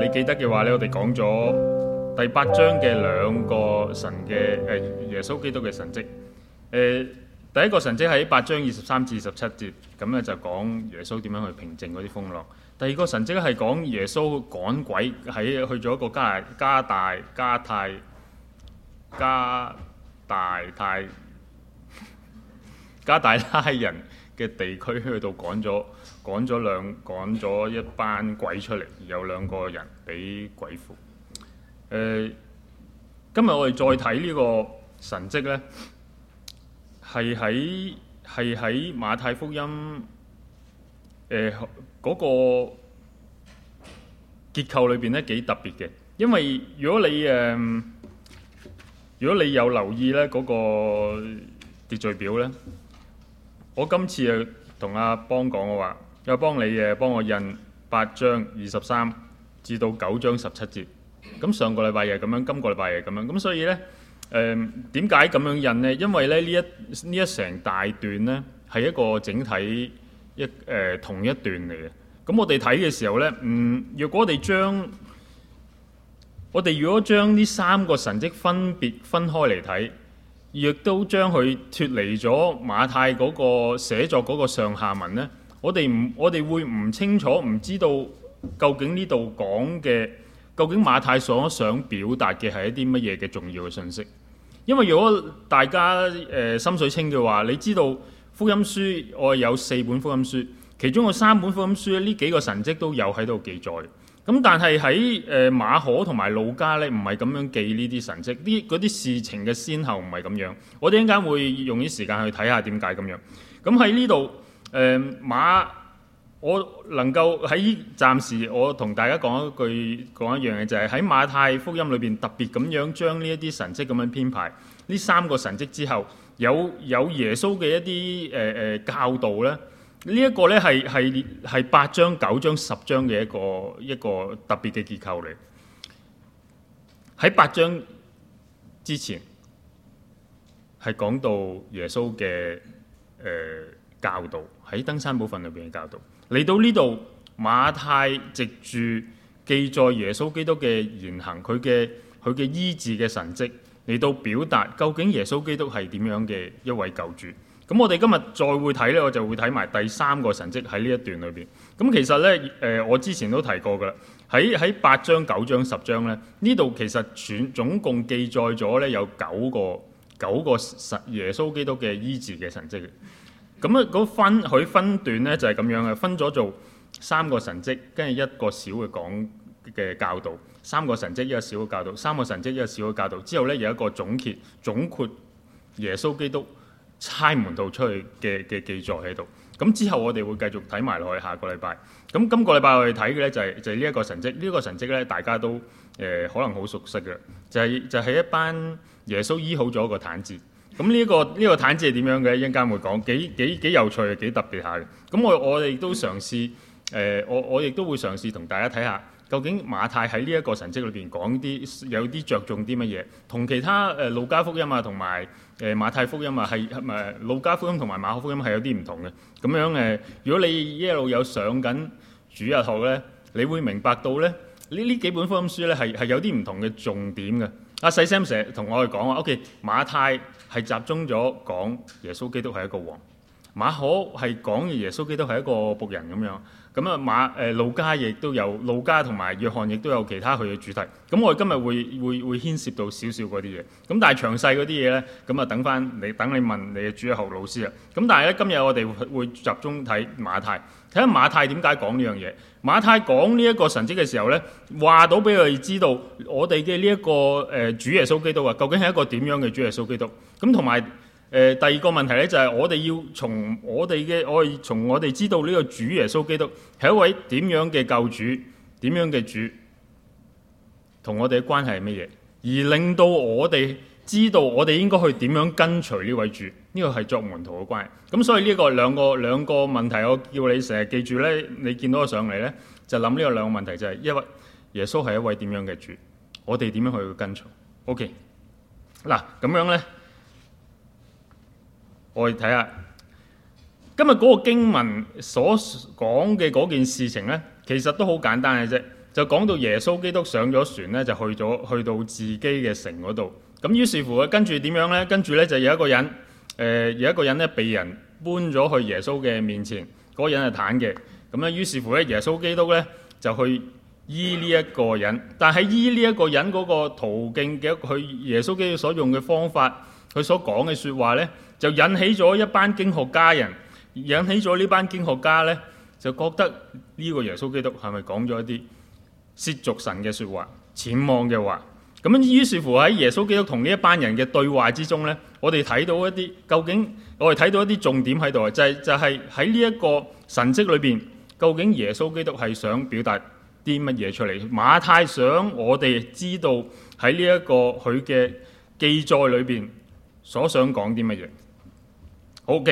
你記得嘅話呢，我哋講咗第八章嘅兩個神嘅，誒耶穌基督嘅神跡。誒、呃，第一個神跡喺八章二十三至二十七節，咁咧就講耶穌點樣去平靜嗰啲風浪。第二個神跡係講耶穌趕鬼，喺去咗一個加大加大加泰加大太加大拉人嘅地區去到趕咗。趕咗兩，趕咗一班鬼出嚟，有兩個人俾鬼附。誒，今日我哋再睇呢個神跡咧，係喺係喺馬太福音誒嗰個結構裏邊咧幾特別嘅，因為如果你誒，如果你有留意咧嗰個秩序表咧，我今次誒同阿邦講嘅話。又幫你幫我印八章二十三至到九章十七節。咁上個禮拜日咁樣，今個禮拜日咁樣。咁所以呢，誒點解咁樣印呢？因為咧呢一呢一整大段呢，係一個整體一誒、呃、同一段嚟嘅。咁我哋睇嘅時候呢，嗯，若果我哋將我哋如果將呢三個神跡分別分開嚟睇，亦都將佢脫離咗馬太嗰個寫作嗰個上下文呢。我哋唔，我哋會唔清楚，唔知道究竟呢度講嘅，究竟馬太所想表達嘅係一啲乜嘢嘅重要嘅信息？因為如果大家誒、呃、心水清嘅話，你知道福音書我有四本福音書，其中嘅三本福音書呢幾個神跡都有喺度記載。咁但係喺誒馬可同埋路加呢，唔係咁樣記呢啲神跡，啲啲事情嘅先後唔係咁樣。我哋一陣間會用啲時間去睇下點解咁樣。咁喺呢度。誒、嗯、馬，我能夠喺暫時，我同大家講一句，講一樣嘅就係喺馬太福音裏邊特別咁樣將呢一啲神蹟咁樣編排，呢三個神蹟之後有，有有耶穌嘅一啲誒誒教導咧，這個、呢一個咧係係係八章、九章、十章嘅一個一個特別嘅結構嚟。喺八章之前係講到耶穌嘅誒、呃、教導。喺登山部分裏邊嘅教導，嚟到呢度馬太籍住記載耶穌基督嘅言行，佢嘅佢嘅醫治嘅神蹟嚟到表達究竟耶穌基督係點樣嘅一位救主。咁、嗯、我哋今日再會睇呢，我就會睇埋第三個神蹟喺呢一段裏邊。咁、嗯、其實呢，誒、呃、我之前都提過㗎喇，喺喺八章、九章、十章呢，呢度其實全總共記載咗呢有九個九個耶穌基督嘅醫治嘅神蹟。咁啊、嗰個就係，分佢分段咧就係咁樣嘅，分咗做三個神蹟，跟住一個小嘅講嘅教導，三個神蹟一個小嘅教導，三個神蹟一個小嘅教導，之後咧有一個總結總括耶穌基督差門徒出去嘅嘅記載喺度。咁之後我哋會繼續睇埋落去下個禮拜。咁今個禮拜我哋睇嘅咧就係、係、就係呢一個神蹟，呢、呢個神蹟咧大家都誒、呃、可能好熟悉嘅，就係、係、就係、係、一班耶穌醫好咗個癱子。咁呢一個呢、這個癱子係點樣嘅？一陣間會講幾幾幾有趣，幾特別下嘅。咁我我哋都嘗試誒，我也、呃、我亦都會嘗試同大家睇下究竟馬太喺呢一個神跡裏邊講啲有啲着重啲乜嘢，同其他誒、呃、路加福音啊，同埋誒馬太福音啊，係係咪路加福音同埋馬可福音係有啲唔同嘅咁樣誒、呃？如果你一路有上緊主日學咧，你會明白到咧呢呢幾本福音書咧係係有啲唔同嘅重點嘅。阿細 Sam 成日同我哋講話，OK 馬太。係集中咗講耶穌基督係一個王，馬可係講耶穌基督係一個僕人咁樣。咁啊、嗯、馬誒路加亦都有路加同埋約翰亦都有其他佢嘅主題，咁、嗯、我哋今日會會會牽涉到少少嗰啲嘢，咁、嗯、但係詳細嗰啲嘢咧，咁啊等翻你等你問你嘅主日學老師啊，咁、嗯、但係咧今日我哋會,會集中睇馬太，睇下馬太點解講呢樣嘢，馬太講呢一個神蹟嘅時候咧，話到俾佢哋知道我哋嘅呢一個誒、呃、主耶穌基督啊，究竟係一個點樣嘅主耶穌基督，咁同埋。誒、呃、第二個問題咧，就係、是、我哋要從我哋嘅，從我哋從我哋知道呢個主耶穌基督係一位點樣嘅救主，點樣嘅主，同我哋嘅關係係乜嘢？而令到我哋知道我哋應該去點樣跟隨呢位主，呢、這個係作門徒嘅關係。咁所以呢個兩個兩個問題，我叫你成日記住咧，你見到我上嚟咧，就諗呢個兩個問題就係、是：一位耶穌係一位點樣嘅主，我哋點樣去跟隨？OK，嗱咁、啊、樣咧。我哋睇下今日嗰個經文所講嘅嗰件事情呢，其實都好簡單嘅啫。就講到耶穌基督上咗船呢，就去咗去到自己嘅城嗰度。咁於是乎，跟住點樣呢？跟住呢，就有一個人，誒、呃、有一個人呢，被人搬咗去耶穌嘅面前。嗰、嗰個人係癱嘅。咁咧於是乎咧，耶穌基督呢，就去醫呢一個人。但係醫呢一個人嗰個途徑嘅一，佢耶穌基督所用嘅方法，佢所講嘅説話呢，就引起咗一班經學家人，引起咗呢班經學家呢，就覺得呢個耶穌基督係咪講咗一啲褻瀆神嘅説話、僭妄嘅話？咁樣於是乎喺耶穌基督同呢一班人嘅對話之中呢，我哋睇到一啲究竟我哋睇到一啲重點喺度，就係就係喺呢一個神蹟裏邊，究竟耶穌基督係想表達啲乜嘢出嚟？馬太想我哋知道喺呢一個佢嘅記載裏邊所想講啲乜嘢？Ok，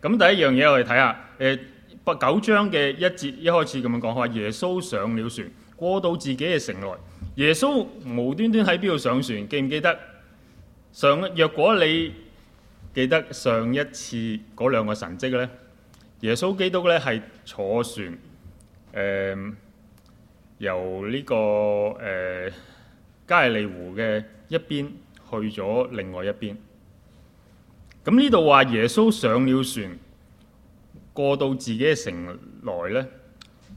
咁第一樣嘢我哋睇下，誒、呃、八九章嘅一節一開始咁樣講，話耶穌上了船，過到自己嘅城內。耶穌無端端喺邊度上船？記唔記得？上若果你記得上一次嗰兩個神跡呢？耶穌基督呢係坐船，誒、呃、由呢、這個誒、呃、加利利湖嘅一邊去咗另外一邊。咁呢度話耶穌上了船，過到自己嘅城來呢，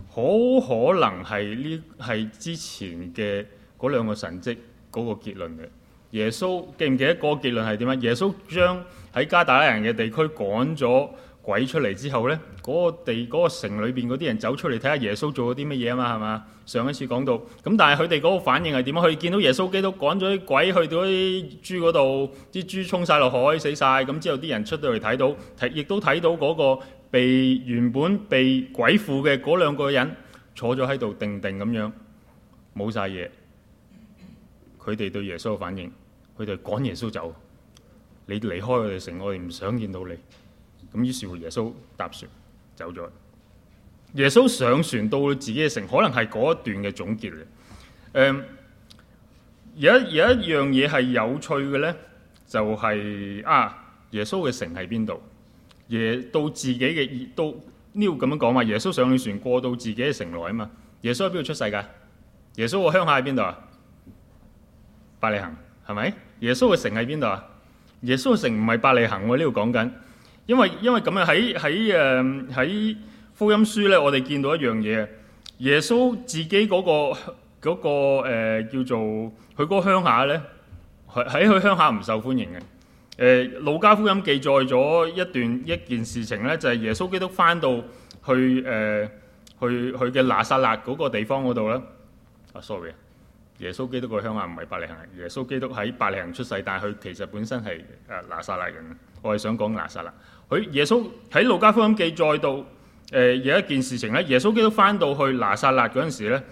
好可能係呢係之前嘅嗰兩個神蹟嗰個結論嘅。耶穌記唔記得個結論係點啊？耶穌將喺加達拉人嘅地區趕咗鬼出嚟之後呢，嗰個地、嗰個城裏邊嗰啲人走出嚟睇下耶穌做咗啲乜嘢啊嘛，係嘛？上一次講到，咁但係佢哋嗰個反應係點啊？佢見到耶穌基督趕咗啲鬼去到啲豬嗰度，啲豬沖晒落海死晒。咁之後啲人出到嚟睇到，亦都睇到嗰個被原本被鬼附嘅嗰兩個人坐咗喺度定定咁樣，冇晒嘢。佢哋對耶穌嘅反應，佢哋趕耶穌走，你離開我哋城，我哋唔想見到你。咁於是乎耶穌搭船走咗。耶穌上船到自己嘅城，可能係嗰一段嘅總結嚟嘅。誒、嗯，有一有一樣嘢係有趣嘅咧，就係、是、啊，耶穌嘅城喺邊度？耶到自己嘅到呢度咁樣講嘛？耶穌上咗船，過到自己嘅城內啊嘛？耶穌喺邊度出世㗎？耶穌嘅鄉下喺邊度啊？伯利恒係咪？耶穌嘅城喺邊度啊？耶穌嘅城唔係伯利恒喎、啊，呢度講緊。因為因為咁樣喺喺誒喺福音書咧，我哋見到一樣嘢耶穌自己嗰、那個嗰、那個呃、叫做佢嗰個鄉下咧，喺佢鄉下唔受歡迎嘅。誒、呃，老家福音記載咗一段一件事情咧，就係、是、耶穌基督翻到去誒、呃、去去嘅拿撒勒嗰個地方嗰度啦。啊，sorry 耶穌基督個鄉下唔係百利恒耶穌基督喺百利恒出世，但係佢其實本身係誒拿撒勒人。我係想講拿撒勒。佢耶穌喺路加福音記載到，誒、呃、有一件事情咧，耶穌基督翻到去拿撒勒嗰陣時咧，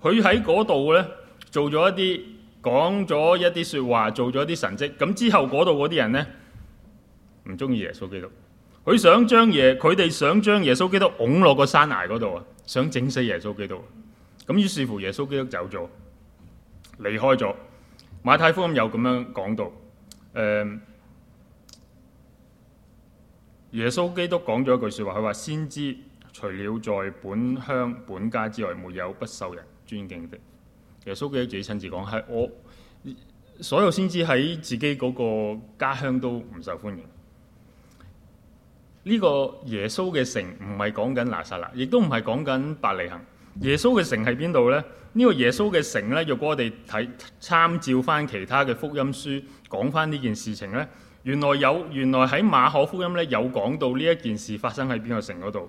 佢喺嗰度咧做咗一啲講咗一啲説話，做咗一啲神跡。咁之後嗰度嗰啲人咧唔中意耶穌基督，佢想將耶佢哋想將耶穌基督拱落個山崖嗰度啊，想整死耶穌基督。咁於是乎耶穌基督走咗，離開咗。馬太福音有咁樣講到，誒、呃。耶穌基督講咗一句說話，佢話先知除了在本鄉本家之外，沒有不受人尊敬的。耶穌基督自己親自講，係我所有先知喺自己嗰個家鄉都唔受歡迎。呢個耶穌嘅城唔係講緊拿撒勒，亦都唔係講緊伯利恒。耶穌嘅城喺邊度呢？呢個耶穌嘅城呢？若果我哋睇參照翻其他嘅福音書，講翻呢件事情呢。原來有原來喺馬可福音呢，有講到呢一件事發生喺邊個城嗰度？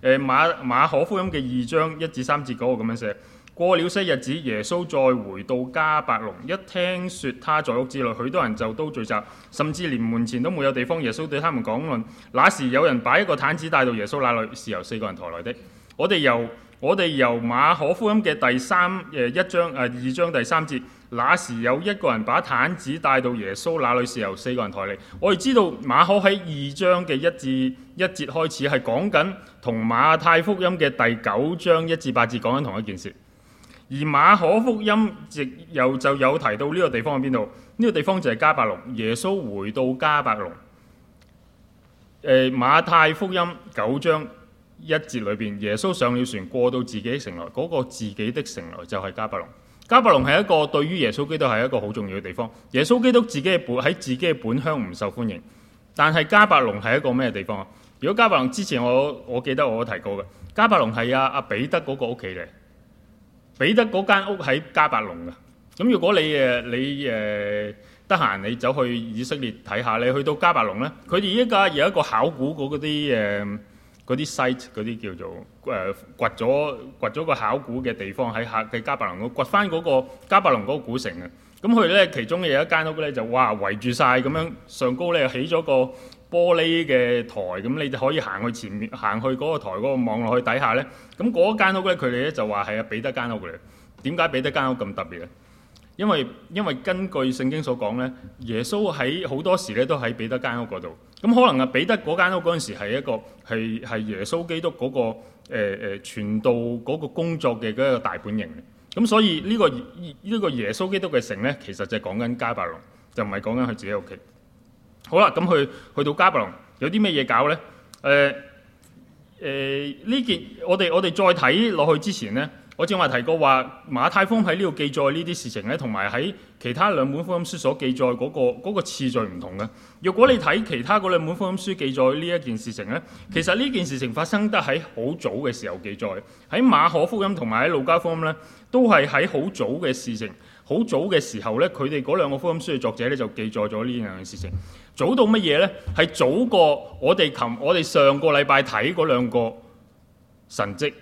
誒、呃、馬馬可福音嘅二章一至三節嗰個咁樣寫。過了些日子，耶穌再回到迦百農，一聽說他在屋裏，許多人就都聚集，甚至連門前都沒有地方。耶穌對他們講論，那時有人擺一個癱子帶到耶穌那裏，是由四個人抬來的。我哋由我哋由馬可福音嘅第三誒、呃、一章啊、呃、二章第三節，那時有一個人把癱子帶到耶穌那裏，里是由四個人抬嚟。我哋知道馬可喺二章嘅一至一節開始係講緊同馬太福音嘅第九章一至八節講緊同一件事。而馬可福音亦又就有提到呢個地方喺邊度？呢、這個地方就係迦百農，耶穌回到迦百農。誒、呃、馬太福音九章。一節裏邊，耶穌上了船，過到自己的城來。嗰、那個自己的城來就係迦百農。迦百農係一個對於耶穌基督係一個好重要嘅地方。耶穌基督自己喺自己嘅本鄉唔受歡迎，但係迦百農係一個咩地方啊？如果迦百農之前我，我我記得我提過嘅，迦百農係阿阿彼得嗰個屋企嚟。彼得嗰間屋喺迦百農嘅。咁如果你誒你誒得閒，呃、你走去以色列睇下，你去到迦百農咧，佢哋依家有一個考古嗰啲誒。呃嗰啲 site 嗰啲叫做誒、呃、掘咗掘咗個考古嘅地方，喺客嘅迦百農嗰掘翻嗰個迦百農嗰個古城啊！咁佢咧，其中有一間屋咧，就哇圍住晒咁樣，上高咧起咗個玻璃嘅台，咁你就可以行去前面，行去嗰個台嗰、那個望落去底下咧。咁嗰間屋咧，佢哋咧就話係啊彼得間屋嚟。點解彼得間屋咁特別咧？因為因為根據聖經所講咧，耶穌喺好多時咧都喺彼得間屋嗰度。咁可能啊，彼得嗰間屋嗰陣時係一個係耶穌基督嗰個、呃、呃、傳道嗰個工作嘅一個大本營。咁所以呢個呢個耶穌基督嘅城咧，其實就係講緊迦百農，就唔係講緊佢自己屋企。好啦，咁去去到迦百農有啲咩嘢搞咧？呃、呃、呢件我哋我哋再睇落去之前咧。我正話提過話，馬太福音喺呢度記載呢啲事情咧，同埋喺其他兩本福音書所記載嗰個嗰個次序唔同嘅。若果你睇其他嗰兩本福音書記載呢一件事情咧，其實呢件事情發生得喺好早嘅時候記載，喺馬可福音同埋喺路加福音咧，都係喺好早嘅事情，好早嘅時候咧，佢哋嗰兩個福音書嘅作者咧就記載咗呢兩樣事情，早到乜嘢咧？係早過我哋琴，我哋上個禮拜睇嗰兩個神跡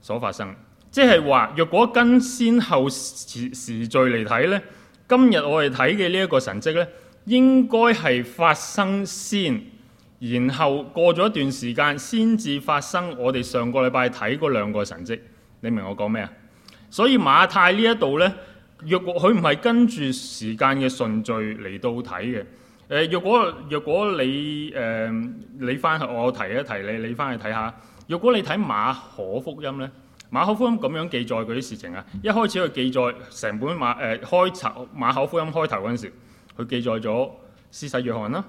所發生。即係話，若果跟先後時時序嚟睇呢，今日我哋睇嘅呢一個神跡呢，應該係發生先，然後過咗一段時間先至發生我哋上個禮拜睇嗰兩個神跡。你明我講咩啊？所以馬太呢一度呢，若佢唔係跟住時間嘅順序嚟到睇嘅。誒、呃，若果若果你誒、呃、你翻去，我提一提你，你翻去睇下。若果你睇馬可福音呢。馬可福音咁樣記載嗰啲事情啊，一開始佢記載成本馬誒、呃、開頭馬可福音開頭嗰陣時，佢記載咗施洗約翰啦，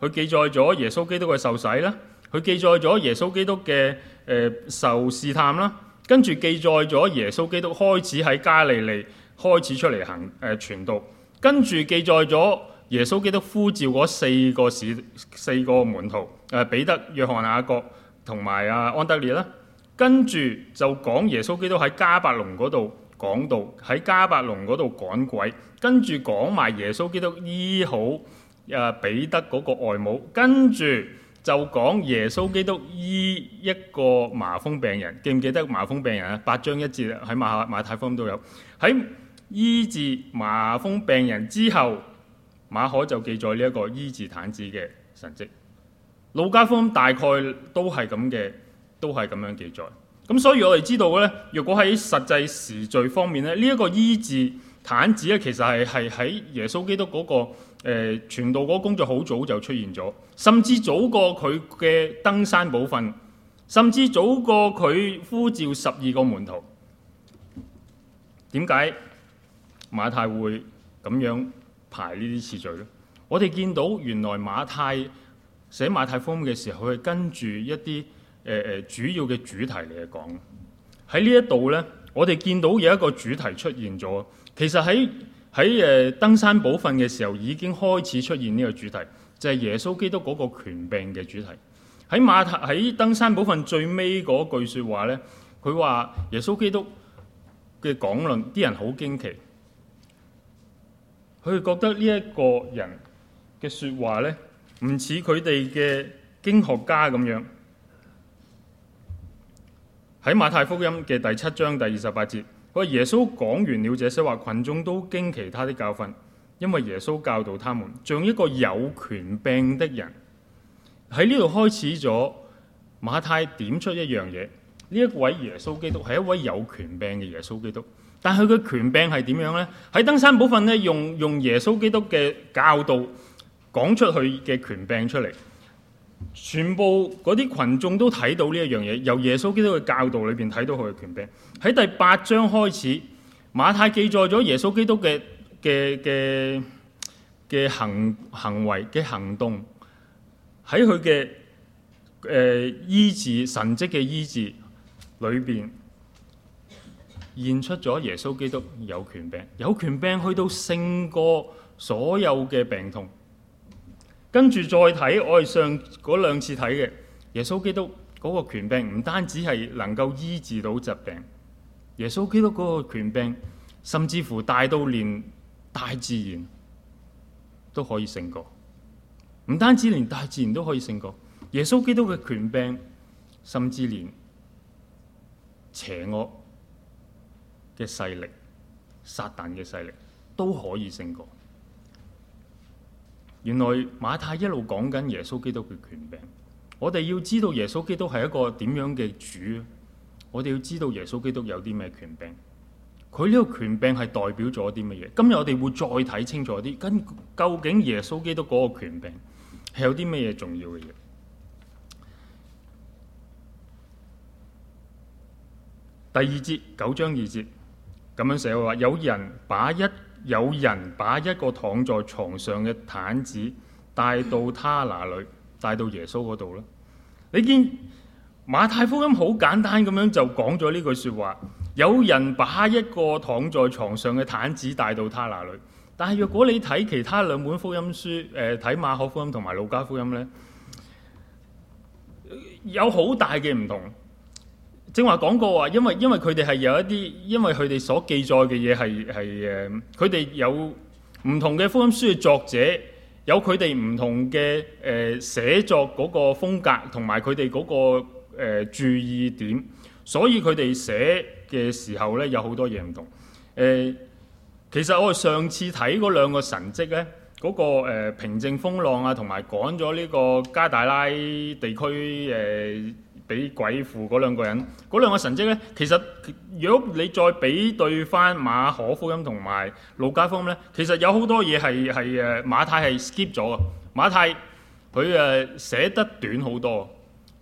佢記載咗耶穌基督嘅受洗啦，佢記載咗耶穌基督嘅誒受試探啦，跟住記載咗耶穌基督開始喺加利利開始出嚟行誒、呃、傳道，跟住記載咗耶穌基督呼召嗰四個使四個門徒誒彼得、約翰、雅各同埋阿安德烈啦。呃跟住就講耶穌基督喺迦百農嗰度講道，喺迦百農嗰度趕鬼，跟住講埋耶穌基督醫好啊彼得嗰個外母，跟住就講耶穌基督醫一個麻風病人，記唔記得麻風病人啊？八章一節喺馬馬太福音都有。喺醫治麻風病人之後，馬可就記載呢一個醫治癱子嘅神跡。路加福音大概都係咁嘅。都係咁樣記載，咁所以我哋知道嘅咧，若果喺實際時序方面咧，呢、這、一個醫治、癱子咧，其實係係喺耶穌基督嗰、那個誒傳、呃、道嗰個工作好早就出現咗，甚至早過佢嘅登山寶訓，甚至早過佢呼召十二個門徒。點解馬太會咁樣排呢啲次序呢？我哋見到原來馬太寫馬太福音嘅時候，佢係跟住一啲。誒誒，主要嘅主題嚟講，喺呢一度呢，我哋見到有一個主題出現咗。其實喺喺誒登山寶訓嘅時候已經開始出現呢個主題，就係、是、耶穌基督嗰個權柄嘅主題。喺馬太喺登山寶訓最尾嗰句説話呢，佢話耶穌基督嘅講論，啲人好驚奇，佢哋覺得呢一個人嘅説話呢，唔似佢哋嘅經學家咁樣。喺馬太福音嘅第七章第二十八節，佢話，耶穌講完了這些話，群眾都驚奇他的教訓，因為耶穌教導他們，像一個有權柄的人。喺呢度開始咗馬太點出一樣嘢，呢一位耶穌基督係一位有權柄嘅耶穌基督，但佢嘅權柄係點樣呢？喺登山寶訓呢，用用耶穌基督嘅教導講出去嘅權柄出嚟。全部嗰啲群眾都睇到呢一樣嘢，由耶穌基督嘅教導裏邊睇到佢嘅權柄。喺第八章開始，馬太記載咗耶穌基督嘅嘅嘅嘅行行為嘅行動，喺佢嘅誒醫治神蹟嘅醫治裏邊，現出咗耶穌基督有權柄，有權柄去到勝過所有嘅病痛。跟住再睇，我哋上嗰兩次睇嘅耶穌基督嗰個權柄，唔單止係能夠醫治到疾病，耶穌基督嗰個權柄，甚至乎大到連大自然都可以勝過，唔單止連大自然都可以勝過，耶穌基督嘅權柄，甚至連邪惡嘅勢力、撒但嘅勢力都可以勝過。原來馬太一路講緊耶穌基督嘅權柄，我哋要知道耶穌基督係一個點樣嘅主，我哋要知道耶穌基督有啲咩權柄，佢呢個權柄係代表咗啲乜嘢？今日我哋會再睇清楚啲，跟究竟耶穌基督嗰個權柄係有啲咩嘢重要嘅嘢？第二節，九章二節咁樣寫的話，有人把一。有人把一個躺在床上嘅癱子帶到他那裏，帶到耶穌嗰度啦。你見馬太福音好簡單咁樣就講咗呢句說話：「有人把一個躺在床上嘅癱子帶到他那裏。但係若果你睇其他兩本福音書，誒、呃，睇馬可福音同埋路加福音呢，有好大嘅唔同。正話講過話，因為因為佢哋係有一啲，因為佢哋所記載嘅嘢係係誒，佢哋、呃、有唔同嘅福音書嘅作者，有佢哋唔同嘅誒、呃、寫作嗰個風格，同埋佢哋嗰個、呃、注意點，所以佢哋寫嘅時候咧有好多嘢唔同。誒、呃，其實我上次睇嗰兩個神跡咧，嗰、嗰個、呃、平靜風浪啊，同埋趕咗呢個加大拉地區誒。呃俾鬼附嗰兩個人，嗰兩個神蹟呢，其實如果你再比對翻馬可福音同埋路加福音呢，其實有好多嘢係係誒馬太係 skip 咗啊！馬太佢誒寫得短好多，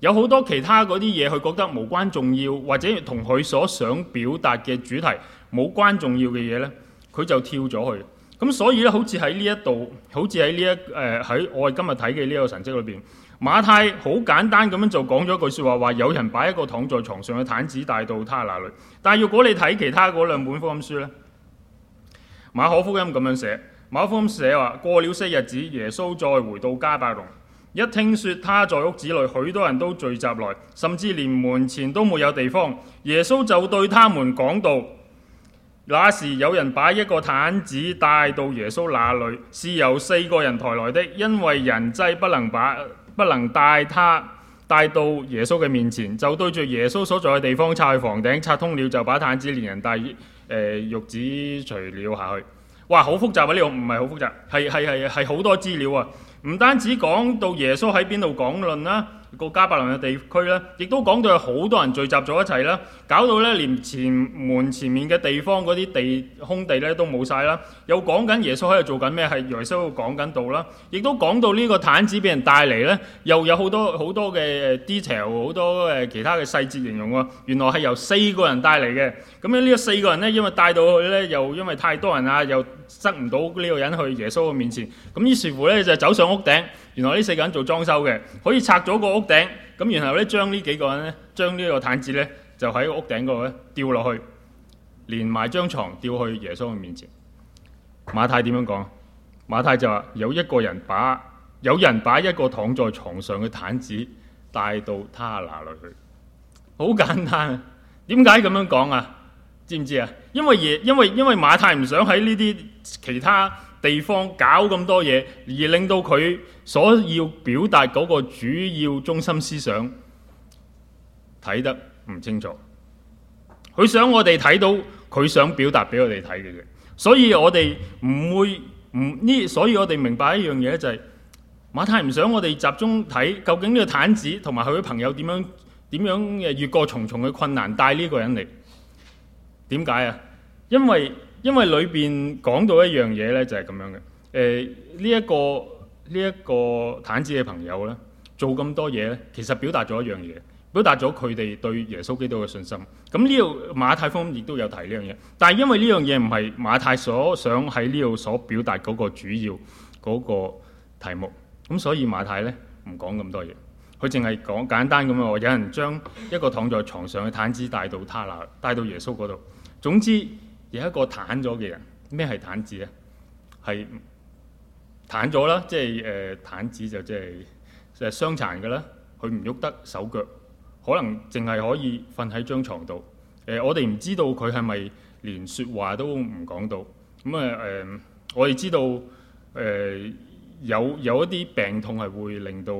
有好多其他嗰啲嘢，佢覺得無關重要，或者同佢所想表達嘅主題無關重要嘅嘢呢，佢就跳咗去。咁所以呢，好似喺呢一度，好似喺呢一誒喺、呃、我哋今日睇嘅呢個神蹟裏邊。馬太好簡單咁樣就講咗句說話，話有人把一個躺在床上嘅癱子帶到他那裏。但係如果你睇其他嗰兩本福音書呢，馬可福音咁樣寫，馬可福音寫話過了些日子，耶穌再回到迦百農，一聽說他在屋子裏，許多人都聚集來，甚至連門前都沒有地方。耶穌就對他們講道，那時有人把一個癱子帶到耶穌那裏，是由四個人抬來的，因為人擠不能把。不能帶他帶到耶穌嘅面前，就對住耶穌所在嘅地方拆去房頂，拆通了就把癱子連人帶誒褥子除了下去。哇！好複雜啊，呢個唔係好複雜，係係係係好多資料啊！唔單止講到耶穌喺邊度講論啦、啊。個迦百農嘅地區咧，亦都講到有好多人聚集咗一齊啦，搞到咧連前門前面嘅地方嗰啲地空地咧都冇晒啦。又講緊耶穌喺度做緊咩？係耶穌講緊道啦。亦都講到呢個癱子俾人帶嚟咧，又有好多好多嘅 detail，好多誒其他嘅細節形容喎。原來係由四個人帶嚟嘅。咁咧呢個四個人咧，因為帶到去咧，又因為太多人啊，又。塞唔到呢個人去耶穌嘅面前，咁於是乎呢，就是、走上屋頂。原來呢四個人做裝修嘅，可以拆咗個屋頂，咁然後呢，將呢幾個人呢，將呢個毯子呢，就喺屋頂嗰度呢，吊落去，連埋張床吊去耶穌嘅面前。馬太點樣講？馬太就話有一個人，把有人把一個躺在床上嘅毯子帶到他那裏去。好簡單啊！點解咁樣講啊？知唔知啊？因為嘢，因為因為馬太唔想喺呢啲其他地方搞咁多嘢，而令到佢所要表達嗰個主要中心思想睇得唔清楚。佢想我哋睇到佢想表達俾我哋睇嘅，所以我哋唔會唔呢。所以我哋明白一樣嘢就係馬太唔想我哋集中睇究竟呢個毯子同埋佢個朋友點樣點樣越過重重嘅困難帶呢個人嚟。點解啊？因為因為裏邊講到一樣嘢咧，就係咁樣嘅。誒，呢一個呢一個毯子嘅朋友咧，做咁多嘢咧，其實表達咗一樣嘢，表達咗佢哋對耶穌基督嘅信心。咁呢度馬太方亦都有提呢樣嘢，但係因為呢樣嘢唔係馬太所想喺呢度所表達嗰個主要嗰個題目，咁所以馬太咧唔講咁多嘢，佢淨係講簡單咁樣話，有人將一個躺在床上嘅毯子帶到他那，帶到耶穌嗰度。總之，有一個癱咗嘅人，咩係癱子啊？係癱咗啦，即係誒癱子就即係就係傷殘嘅啦。佢唔喐得手腳，可能淨係可以瞓喺張床度。誒、呃，我哋唔知道佢係咪連説話都唔講到。咁啊誒，我哋知道誒、呃、有有一啲病痛係會令到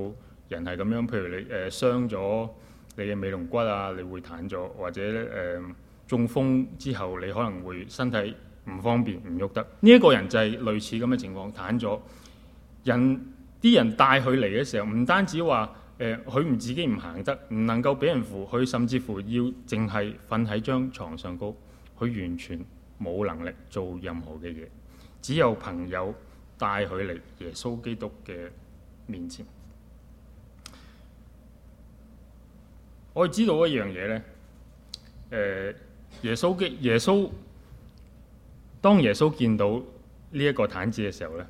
人係咁樣，譬如你誒、呃、傷咗你嘅尾龍骨啊，你會癱咗，或者誒。呃中風之後，你可能會身體唔方便、唔喐得。呢一個人就係類似咁嘅情況，癱咗。人啲人帶佢嚟嘅時候，唔單止話佢唔自己唔行得，唔能夠俾人扶，佢甚至乎要淨係瞓喺張床上高，佢完全冇能力做任何嘅嘢，只有朋友帶佢嚟耶穌基督嘅面前。我係知道一樣嘢呢。呃耶穌見耶穌。當耶穌見到呢一個癱子嘅時候咧，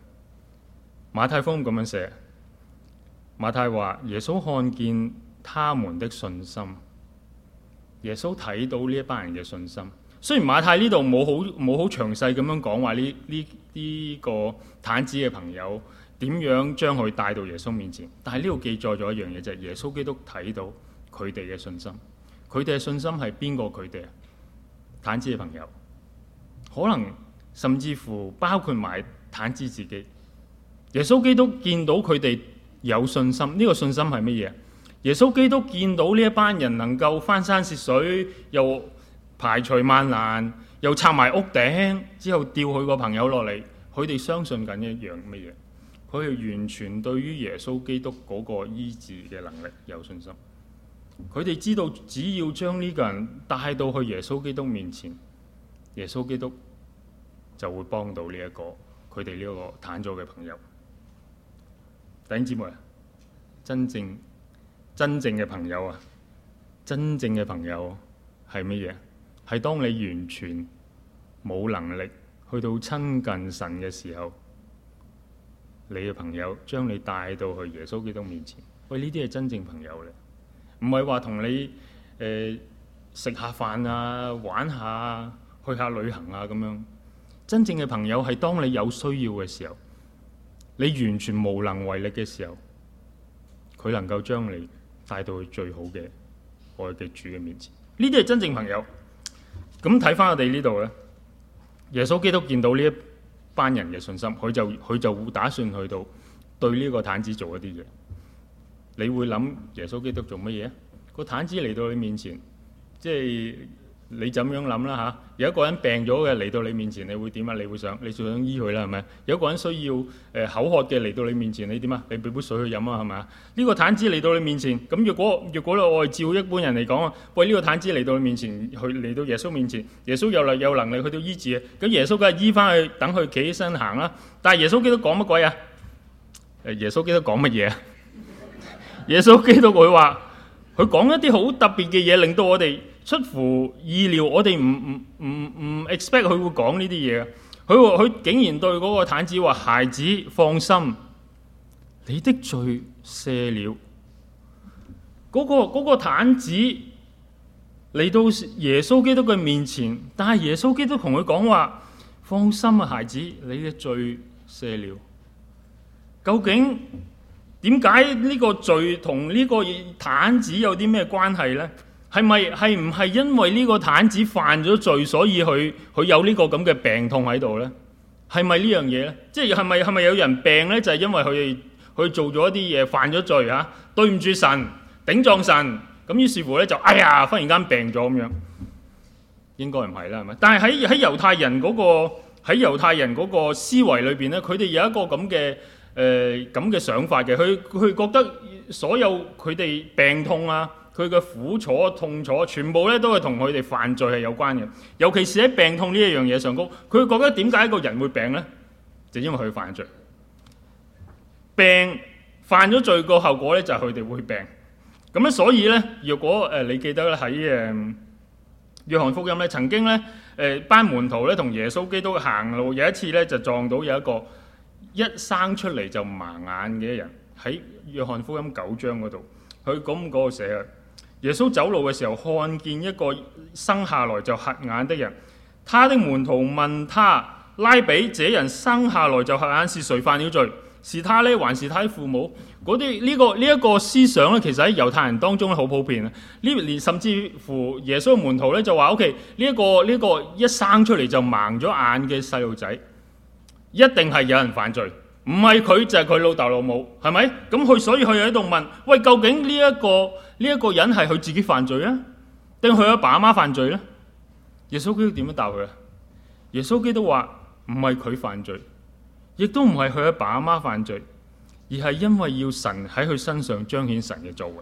馬太峯咁樣寫，馬太話：耶穌看見他們的信心。耶穌睇到呢一班人嘅信心。雖然馬太呢度冇好冇好詳細咁樣講話呢呢呢個癱子嘅朋友點樣將佢帶到耶穌面前，但係呢度記載咗一樣嘢就係，是，耶穌基督睇到佢哋嘅信心。佢哋嘅信心係邊個他？佢哋啊？癱子嘅朋友，可能甚至乎包括埋癱子自己，耶穌基督見到佢哋有信心，呢個信心係乜嘢？耶穌基督見到呢一班人能夠翻山涉水，又排除萬難，又拆埋屋頂，之後吊佢個朋友落嚟，佢哋相信緊一樣乜嘢？佢哋完全對於耶穌基督嗰個醫治嘅能力有信心。佢哋知道，只要將呢個人帶到去耶穌基督面前，耶穌基督就會幫到呢、這、一個佢哋呢一個癱咗嘅朋友。弟兄姊妹，真正真正嘅朋友啊，真正嘅朋友係乜嘢？係當你完全冇能力去到親近神嘅時候，你嘅朋友將你帶到去耶穌基督面前，喂，呢啲係真正朋友嚟。唔係話同你誒食、呃、下飯啊、玩下、啊、去下旅行啊咁樣，真正嘅朋友係當你有需要嘅時候，你完全無能為力嘅時候，佢能夠將你帶到去最好嘅愛嘅主嘅面前。呢啲係真正朋友。咁睇翻我哋呢度咧，耶穌基督見到呢一班人嘅信心，佢就佢就會打算去到對呢個癱子做一啲嘢。你會諗耶穌基督做乜嘢啊？個癱子嚟到你面前，即係你怎樣諗啦吓？有一個人病咗嘅嚟到你面前，你會點啊？你會想你想醫佢啦，係咪？有一個人需要誒、呃、口渴嘅嚟到你面前，你點啊？你俾杯水去飲啊，係咪啊？呢、這個癱子嚟到你面前，咁若果若果你我照一般人嚟講啊，喂呢、這個癱子嚟到你面前，去嚟到耶穌面前，耶穌有能有能力去到醫治嘅，咁耶穌梗係醫翻佢，等佢企起身行啦。但係耶穌基督講乜鬼啊？誒，耶穌基督講乜嘢啊？耶穌基督佢話，佢講一啲好特別嘅嘢，令到我哋出乎意料，我哋唔唔唔唔 expect 佢會講呢啲嘢。佢話，佢竟然對嗰個癱子話：孩子，放心，你的罪赦了。嗰個、嗰個癱子嚟到耶穌基督嘅面前，但係耶穌基督同佢講話：放心啊，孩子，你的罪赦了。究竟？點解呢個罪同呢個毯子有啲咩關係呢？係咪係唔係因為呢個毯子犯咗罪，所以佢佢有呢個咁嘅病痛喺度呢？係咪呢樣嘢呢？即係係咪係咪有人病呢？就係因為佢佢做咗一啲嘢，犯咗罪啊？對唔住神，頂撞神，咁於是乎呢，就哎呀，忽然間病咗咁樣，應該唔係啦，係咪？但係喺喺猶太人嗰個喺猶太人嗰個思維裏邊呢，佢哋有一個咁嘅。誒咁嘅想法嘅，佢佢覺得所有佢哋病痛啊，佢嘅苦楚、痛楚，全部咧都係同佢哋犯罪係有關嘅。尤其是喺病痛呢一樣嘢上高，佢覺得點解一個人會病呢？就因為佢犯罪，病犯咗罪個後果咧，就係佢哋會病。咁咧，所以呢，若果、呃、你記得咧喺誒約翰福音咧，曾經呢，呃、班門徒咧同耶穌基督行路，有一次呢就撞到有一個。一生出嚟就盲眼嘅人，喺《約翰福音》九章嗰度，佢咁個寫啊，耶穌走路嘅時候，看見一個生下來就瞎眼的人，他的門徒問他：拉比，這人生下來就瞎眼，是誰犯了罪？是他呢，還是他父母？嗰啲呢個呢一、這個思想咧，其實喺猶太人當中好普遍啊！呢連甚至乎耶穌嘅門徒咧就話：，OK，呢一個呢、這個一生出嚟就盲咗眼嘅細路仔。一定係有人犯罪，唔係佢就係佢老豆老母，係咪？咁佢所以佢喺度問：喂，究竟呢一個呢一個人係佢自己犯罪啊，定佢阿爸阿媽犯罪咧？耶穌基督點樣答佢啊？耶穌基督話：唔係佢犯罪，亦都唔係佢阿爸阿媽犯罪，而係因為要神喺佢身上彰顯神嘅作為。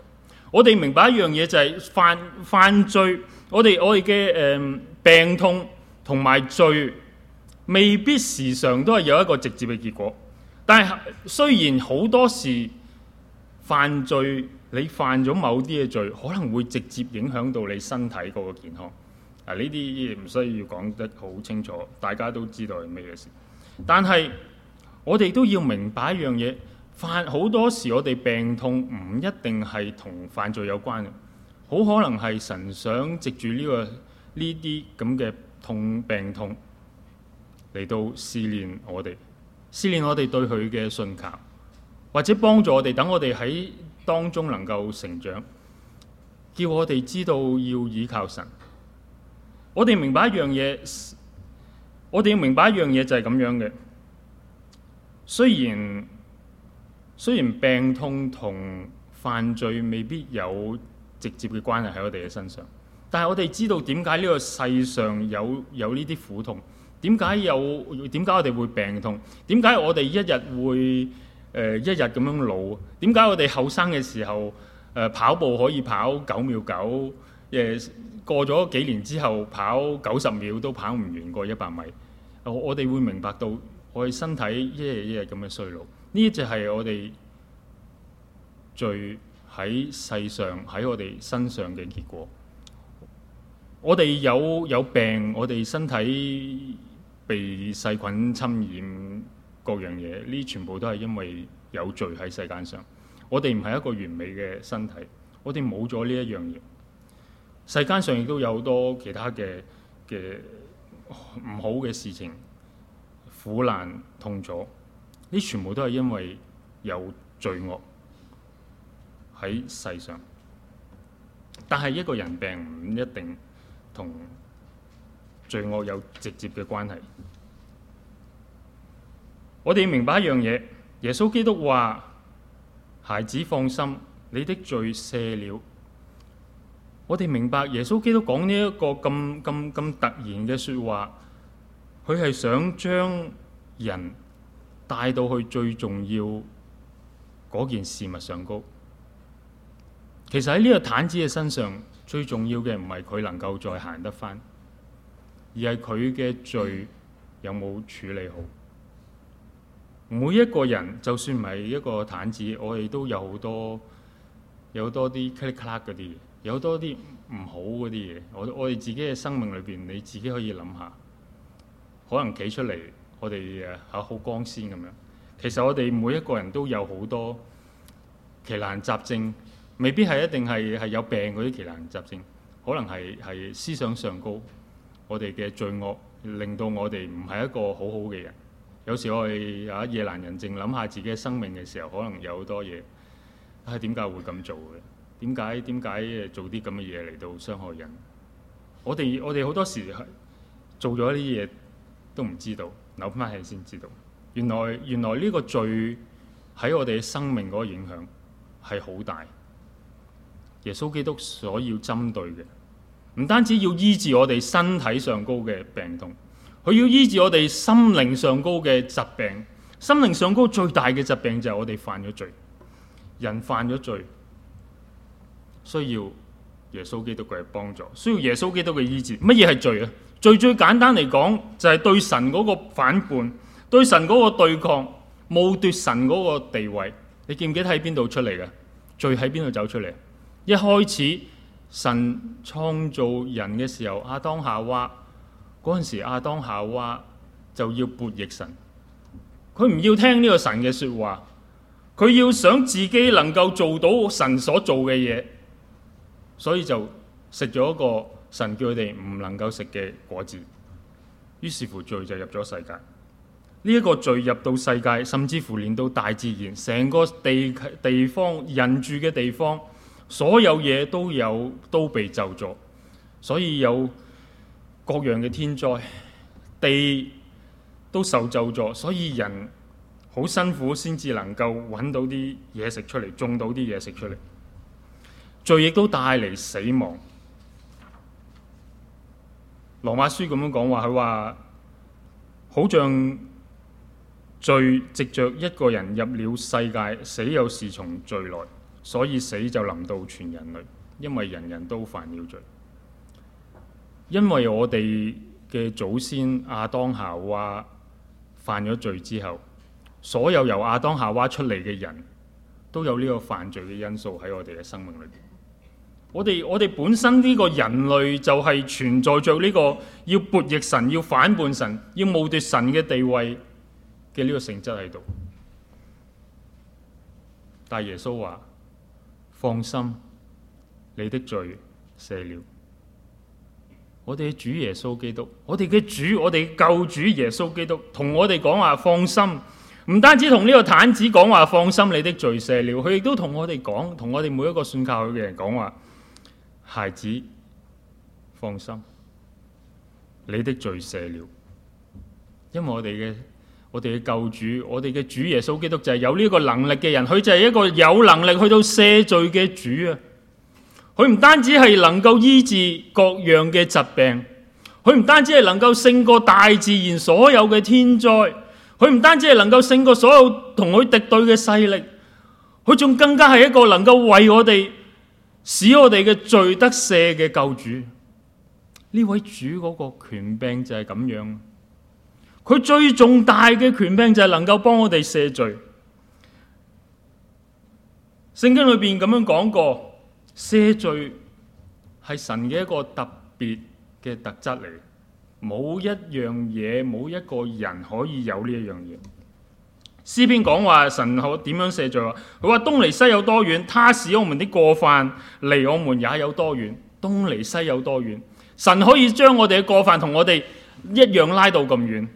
我哋明白一樣嘢就係犯犯罪，我哋我哋嘅誒病痛同埋罪，未必時常都係有一個直接嘅結果，但係雖然好多時犯罪，你犯咗某啲嘅罪，可能會直接影響到你身體個健康。啊，呢啲嘢唔需要講得好清楚，大家都知道係咩嘢事。但係我哋都要明白一樣嘢，犯，好多時我哋病痛唔一定係同犯罪有關嘅，好可能係神想藉住呢個呢啲咁嘅痛病痛。嚟到試煉我哋，試煉我哋對佢嘅信靠，或者幫助我哋，等我哋喺當中能夠成長，叫我哋知道要倚靠神。我哋明白一樣嘢，我哋要明白一樣嘢就係咁樣嘅。雖然雖然病痛同犯罪未必有直接嘅關係喺我哋嘅身上，但係我哋知道點解呢個世上有有呢啲苦痛。點解有？點解我哋會病痛？點解我哋一日會誒、呃、一日咁樣老？點解我哋後生嘅時候誒、呃、跑步可以跑九秒九？誒，過咗幾年之後跑九十秒都跑唔完過一百米？我我哋會明白到我哋身體一日一日咁嘅衰老。呢就係我哋聚喺世上喺我哋身上嘅結果。我哋有有病，我哋身體。被細菌侵染各樣嘢，呢全部都係因為有罪喺世間上。我哋唔係一個完美嘅身體，我哋冇咗呢一樣嘢。世間上亦都有好多其他嘅嘅唔好嘅事情，苦難痛楚，呢全部都係因為有罪惡喺世上。但係一個人病唔一定同罪惡有直接嘅關係。我哋明白一樣嘢，耶穌基督話：孩子放心，你的罪赦了。我哋明白耶穌基督講呢一個咁咁咁突然嘅說話，佢係想將人帶到去最重要嗰件事物上高。其實喺呢個癱子嘅身上，最重要嘅唔係佢能夠再行得翻。而係佢嘅罪有冇處理好？嗯、每一個人就算唔係一個毯子，我哋都有好多有好多啲 click click 嗰啲，有好多啲唔好嗰啲嘢。我我哋自己嘅生命裏邊，你自己可以諗下，可能企出嚟，我哋誒嚇好光鮮咁樣。其實我哋每一個人都有好多奇難雜症，未必係一定係係有病嗰啲奇難雜症，可能係係思想上高。我哋嘅罪惡令到我哋唔係一個好好嘅人。有時我哋啊，夜難人靜諗下自己嘅生命嘅時候，可能有好多嘢。唉、哎，點解會咁做嘅？點解點解做啲咁嘅嘢嚟到傷害人？我哋我哋好多時做咗啲嘢都唔知道，諗翻起先知道。原來原來呢個罪喺我哋嘅生命嗰個影響係好大。耶穌基督所要針對嘅。唔單止要醫治我哋身體上高嘅病痛，佢要醫治我哋心靈上高嘅疾病。心靈上高最大嘅疾病就係我哋犯咗罪。人犯咗罪，需要耶穌基督嘅幫助，需要耶穌基督嘅醫治。乜嘢係罪啊？罪最簡單嚟講就係對神嗰個反叛，對神嗰個對抗，冇奪神嗰個地位。你記唔記得喺邊度出嚟嘅？罪喺邊度走出嚟？一開始。神創造人嘅時候，亞當夏娃嗰陣時，亞當夏娃就要叛逆神。佢唔要聽呢個神嘅説話，佢要想自己能夠做到神所做嘅嘢，所以就食咗一個神叫佢哋唔能夠食嘅果子。於是乎，罪就入咗世界。呢、這、一個罪入到世界，甚至乎連到大自然，成個地地方，人住嘅地方。人住的地方所有嘢都有都被咒詛，所以有各樣嘅天災，地都受咒詛，所以人好辛苦先至能夠揾到啲嘢食出嚟，種到啲嘢食出嚟。罪亦都帶嚟死亡。羅馬書咁樣講話，佢話好像罪藉着一個人入了世界，死又是從罪來。所以死就臨到全人類，因為人人都犯了罪。因為我哋嘅祖先亞當夏娃犯咗罪之後，所有由亞當夏娃出嚟嘅人都有呢個犯罪嘅因素喺我哋嘅生命裏邊。我哋我哋本身呢個人類就係存在著呢個要悖逆神、要反叛神、要冒奪神嘅地位嘅呢個性質喺度。但耶穌話。放心，你的罪赦了。我哋嘅主耶穌基督，我哋嘅主，我哋救主耶穌基督，同我哋講話放心，唔單止同呢個癱子講話放心，你的罪赦了。佢亦都同我哋講，同我哋每一個信靠佢嘅人講話，孩子，放心，你的罪赦了。因為我哋嘅。我哋嘅救主，我哋嘅主耶穌基督就係有呢個能力嘅人，佢就係一個有能力去到赦罪嘅主啊！佢唔單止係能夠醫治各樣嘅疾病，佢唔單止係能夠勝過大自然所有嘅天災，佢唔單止係能夠勝過所有同佢敵對嘅勢力，佢仲更加係一個能夠為我哋使我哋嘅罪得赦嘅救主。呢位主嗰個權柄就係咁樣。佢最重大嘅權柄就係能夠幫我哋赦罪。聖經裏邊咁樣講過，赦罪係神嘅一個特別嘅特質嚟，冇一樣嘢，冇一個人可以有呢一樣嘢。詩篇講話神可點樣赦罪？話佢話東離西有多遠？他使我們啲過犯離我們也有多遠？東離西有多遠？神可以將我哋嘅過犯同我哋一樣拉到咁遠。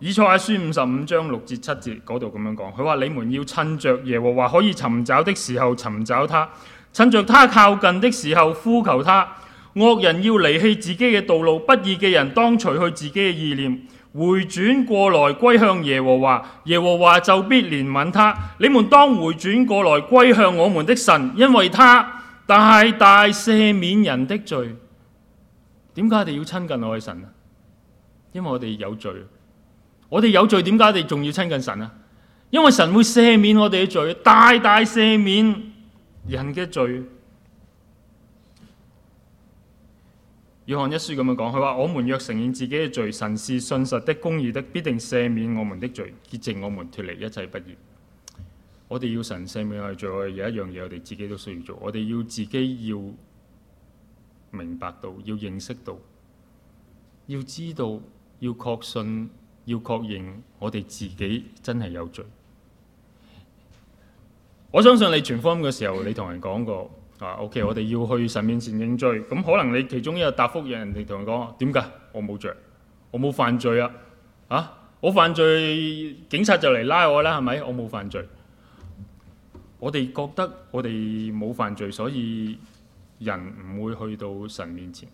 以賽亞書五十五章六至七節嗰度咁樣講，佢話你們要趁着耶和華可以尋找的時候尋找他，趁着他靠近的時候呼求他。惡人要離棄自己嘅道路，不義嘅人當除去自己嘅意念，回轉過來歸向耶和華。耶和華就必憐憫他。你們當回轉過來歸向我們的神，因為他大大赦免人的罪。點解我哋要親近愛神啊？因為我哋有罪。我哋有罪，點解你哋仲要親近神啊？因為神會赦免我哋嘅罪，大大赦免人嘅罪。約翰 一書咁樣講，佢話：我們若承認自己嘅罪，神是信實的、公義的，必定赦免我們的罪，潔淨我們，脫離一切不義。 我哋要神赦免我哋罪，有一樣嘢，我哋自己都需要做。我哋要自己要明白到，要認識到，要知道，要確信。要確認我哋自己真係有罪。我相信你傳福音嘅時候，你同人講過啊，OK，我哋要去神面前認罪。咁可能你其中一個答覆有人哋同人講：點解我冇罪？我冇犯罪啊？啊，我犯罪，警察就嚟拉我啦，係咪？我冇犯罪。我哋覺得我哋冇犯罪，所以人唔會去到神面前。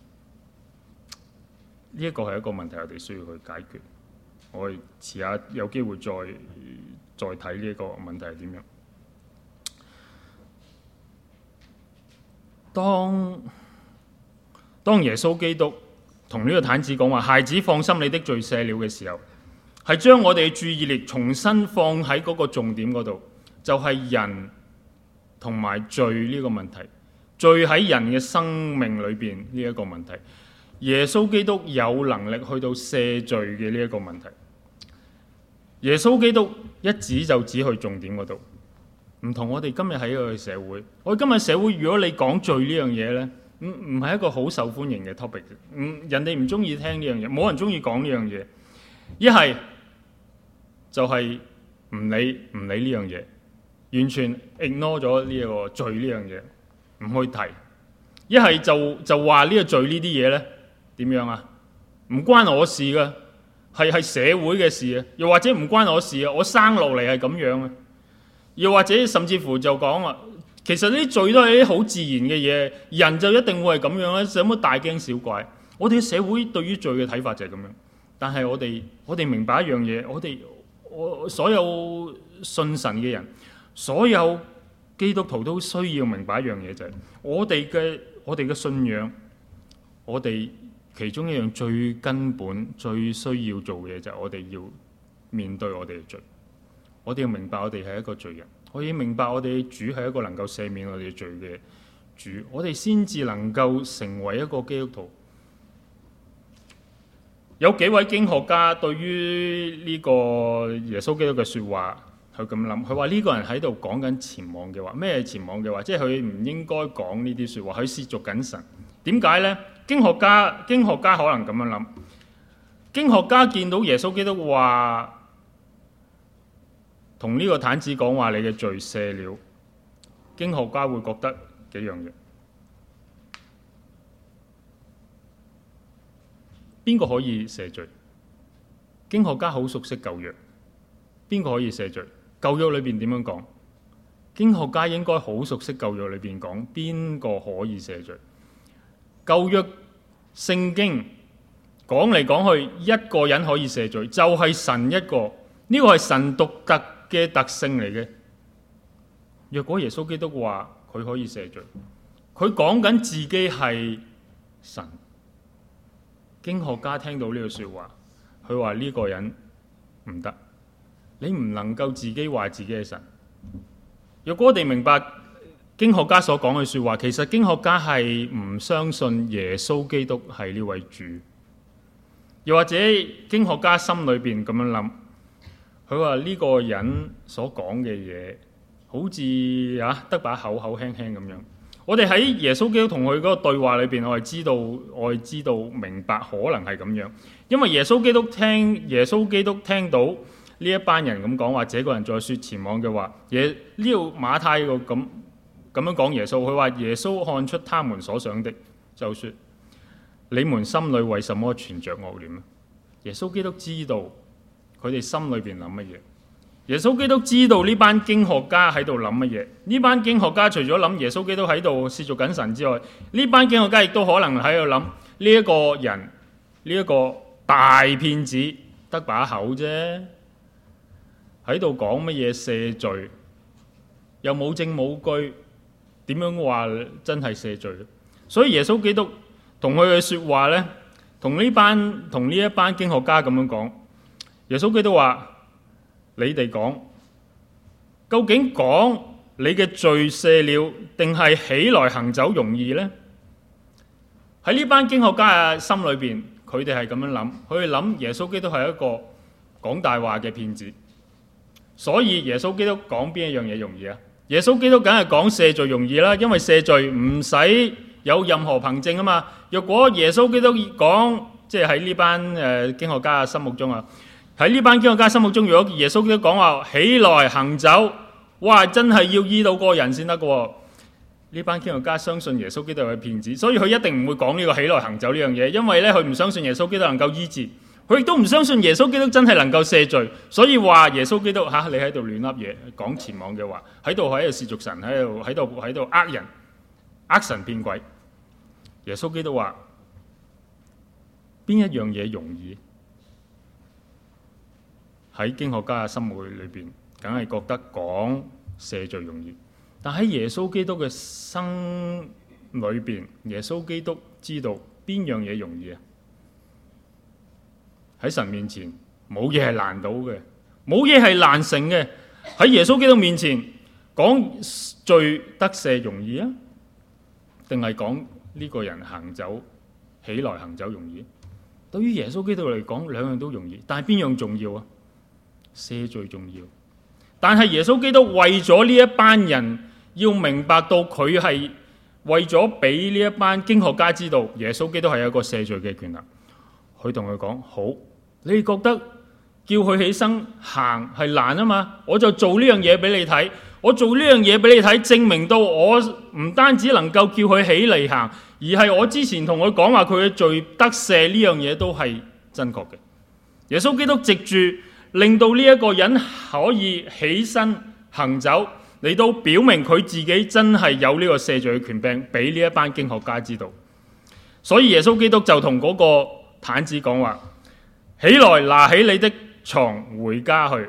呢一個係一個問題，我哋需要去解決。我哋遲下有機會再再睇呢個問題係點樣。當？當當耶穌基督同呢個癱子講話，孩子放心，你的罪赦了嘅時候，係將我哋嘅注意力重新放喺嗰個重點嗰度，就係、是、人同埋罪呢個問題，罪喺人嘅生命裏邊呢一個問題。耶穌基督有能力去到赦罪嘅呢一個問題。耶穌基督一指就指去重點嗰度，唔同我哋今日喺個社會，我哋今日社會如果你講罪呢樣嘢呢，唔唔係一個好受歡迎嘅 topic，人哋唔中意聽呢樣嘢，冇人中意講呢樣嘢。一係就係唔理唔理呢樣嘢，完全 ignore 咗呢一個罪呢樣嘢，唔去提。一係就就話呢個罪呢啲嘢呢，點樣啊？唔關我的事噶。係係社會嘅事啊，又或者唔關我事啊，我生落嚟係咁樣啊，又或者甚至乎就講啊，其實呢啲罪都係啲好自然嘅嘢，人就一定會係咁樣啊，使乜大驚小怪？我哋嘅社會對於罪嘅睇法就係咁樣，但係我哋我哋明白一樣嘢，我哋我所有信神嘅人，所有基督徒都需要明白一樣嘢就係、是、我哋嘅我哋嘅信仰，我哋。其中一樣最根本、最需要做嘅就係我哋要面對我哋嘅罪，我哋要明白我哋係一個罪人，我已經明白我哋主係一個能夠赦免我哋嘅罪嘅主，我哋先至能夠成為一個基督徒。有幾位經學家對於呢個耶穌基督嘅説話，佢咁諗，佢話呢個人喺度講緊僭妄嘅話，咩僭妄嘅話？即係佢唔應該講呢啲説話，佢褻瀆緊神，點解呢？經學家，經學家可能咁樣諗，經學家見到耶穌基督話同呢個癱子講話，你嘅罪赦了。經學家會覺得幾樣嘢，邊個可以赦罪？經學家好熟悉舊約，邊個可以赦罪？舊約裏邊點樣講？經學家應該好熟悉舊約裏邊講邊個可以赦罪？舊約聖經講嚟講去，一個人可以赦罪，就係神一個。呢個係神獨特嘅特性嚟嘅。若果耶穌基督話佢可以赦罪，佢講緊自己係神。經學家聽到呢個說話，佢話呢個人唔得，你唔能夠自己話自己係神。若果我哋明白。經學家所講嘅説話，其實經學家係唔相信耶穌基督係呢位主，又或者經學家心裏邊咁樣諗，佢話呢個人所講嘅嘢好似呀，得把口口輕輕咁樣。我哋喺耶穌基督同佢嗰個對話裏邊，我係知道，我係知道明白，可能係咁樣，因為耶穌基督聽耶穌基督聽到呢一班人咁講話，或者這個人再在說前往嘅話，耶，呢個馬太個咁。咁樣講耶穌，佢話耶穌看出他們所想的，就說你們心裏為什麼存着惡念啊？耶穌基督知道佢哋心裏邊諗乜嘢，耶穌基督知道呢班經學家喺度諗乜嘢。呢班經學家除咗諗耶穌基督喺度褻瀆緊神之外，呢班經學家亦都可能喺度諗呢一個人，呢、這、一個大騙子得把口啫，喺度講乜嘢赦罪，又冇證冇據。點樣話真係赦罪呢？所以耶穌基督同佢嘅說話呢，同呢班同呢一班經學家咁樣講，耶穌基督話：你哋講，究竟講你嘅罪赦了，定係起來行走容易呢？喺呢班經學家嘅心裏邊，佢哋係咁樣諗，佢哋諗耶穌基督係一個講大話嘅騙子。所以耶穌基督講邊一樣嘢容易啊？耶穌基督梗係講赦罪容易啦，因為赦罪唔使有任何憑證啊嘛。若果耶穌基督講即係喺呢班誒、呃、經學家嘅心目中啊，喺呢班經學家心目中，若果耶穌基督講話起來行走，哇！真係要醫到個人先得㗎喎。呢班經學家相信耶穌基督係騙子，所以佢一定唔會講呢個起來行走呢樣嘢，因為咧佢唔相信耶穌基督能夠醫治。佢亦都唔相信耶穌基督真係能夠赦罪，所以話耶穌基督吓、啊、你喺度亂笠嘢講僭妄嘅話，喺度喺度褻瀆神喺度喺度喺度呃人，呃神騙鬼。耶穌基督話邊一樣嘢容易？喺經學家嘅心目裏邊，梗係覺得講赦罪容易。但喺耶穌基督嘅生命裏邊，耶穌基督知道邊樣嘢容易啊？喺神面前冇嘢係難倒嘅，冇嘢係難成嘅。喺耶穌基督面前，講罪得赦容易啊？定係講呢個人行走，起來行走容易？對於耶穌基督嚟講，兩樣都容易，但係邊樣重要啊？赦罪重要。但係耶穌基督為咗呢一班人，要明白到佢係為咗俾呢一班經學家知道，耶穌基督係一個赦罪嘅權能。佢同佢講：好，你覺得叫佢起身行係難啊嘛？我就做呢樣嘢俾你睇，我做呢樣嘢俾你睇，證明到我唔單止能夠叫佢起嚟行，而係我之前同佢講話佢嘅罪得赦呢樣嘢都係真確嘅。耶穌基督藉住令到呢一個人可以起身行走，嚟到表明佢自己真係有呢個赦罪權柄，俾呢一班經學家知道。所以耶穌基督就同嗰、嗰個。癱子講話，起來，拿起你的床回家去。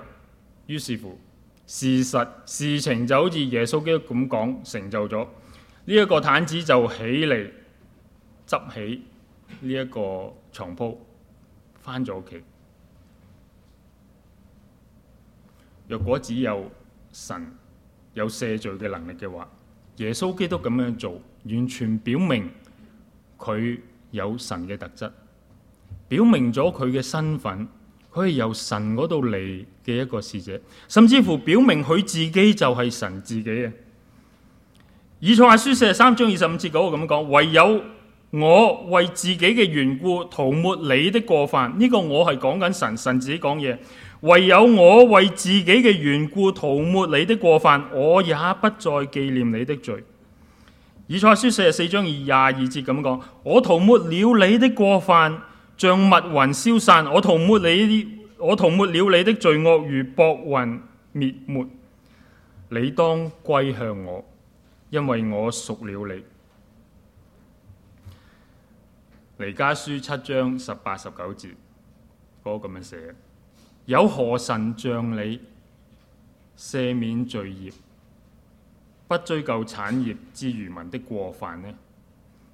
於是乎，事實事情就好似耶穌基督咁講成就咗。呢、這、一個癱子就起嚟，執起呢一個床鋪，返咗屋企。若果只有神有赦罪嘅能力嘅話，耶穌基督咁樣做，完全表明佢有神嘅特質。表明咗佢嘅身份，佢係由神嗰度嚟嘅一個使者，甚至乎表明佢自己就係神自己啊。以賽亞書四十三章二十五節嗰個咁講，唯有我為自己嘅緣故塗抹你的過犯，呢、這個我係講緊神，神自己講嘢。唯有我為自己嘅緣故塗抹你的過犯，我也不再紀念你的罪。以賽亞書四十四章二十二節咁講，我塗抹了你的過犯。像密雲消散，我塗抹你，我塗抹了你的罪惡如薄雲滅沒。你當歸向我，因為我贖了你。彌迦書七章十八十九節，嗰個咁樣寫：有何神像你，赦免罪孽，不追究產業之餘民的過犯呢？